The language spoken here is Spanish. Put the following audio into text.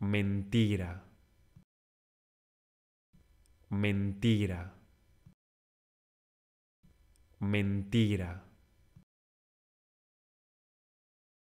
mentira, mentira, mentira.